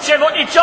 przewodniczący!